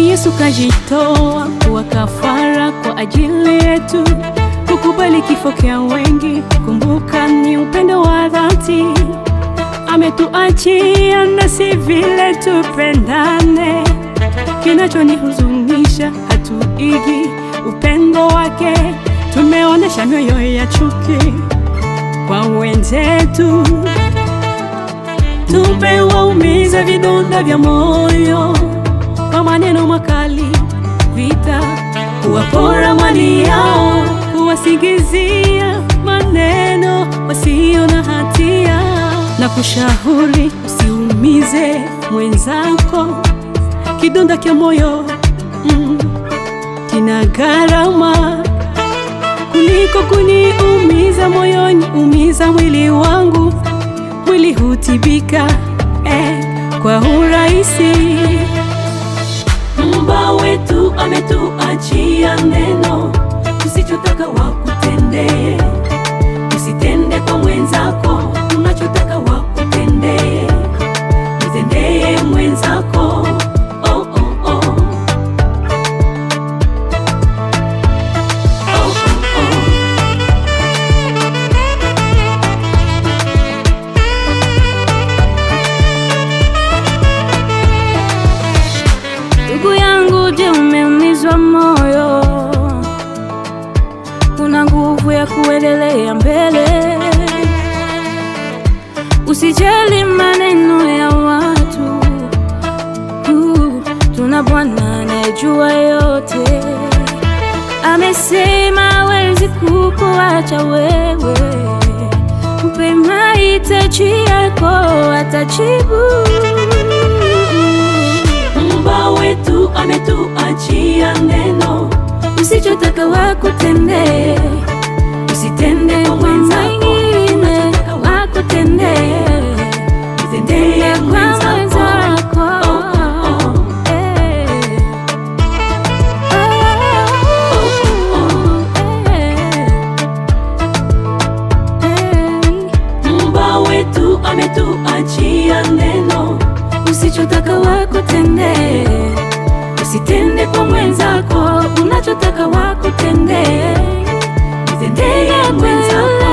Yesu kajitoa kuwa kafara kwa ajili yetu, kukubali kifo kia wengi. Kumbuka ni upendo wa dhati, ametuachia nasi vile tupendane. Kinachonihuzunisha hatuigi upendo wake, tumeonesha mioyo ya chuki kwa wenzetu, tumewaumiza vidonda vya moyo kwa maneno makali, vita kuwapora mali yao, kuwasingizia maneno wasio na hatia, na kushauri usiumize mwenzako, kidonda kya moyo mm, kina gharama kuliko kuniumiza moyoni, umiza mwili wangu, mwili hutibika eh, kwa urahisi. Muumba wetu ametuachia neno, usichotaka wakutendee, usitende kwa mwenzako. Usijali maneno ya watu uh, tuna Bwana anayejua yote. Amesema hawezi kukuacha wewe, mpe mahitaji yako atajibu. Muumba wetu ametuachia neno, usichotaka wakutendee, usitende wenzako achia neno, usichotaka wakutendee. Usitende kwa mwenzako unachotaka wakutendee, mtendee mwenzako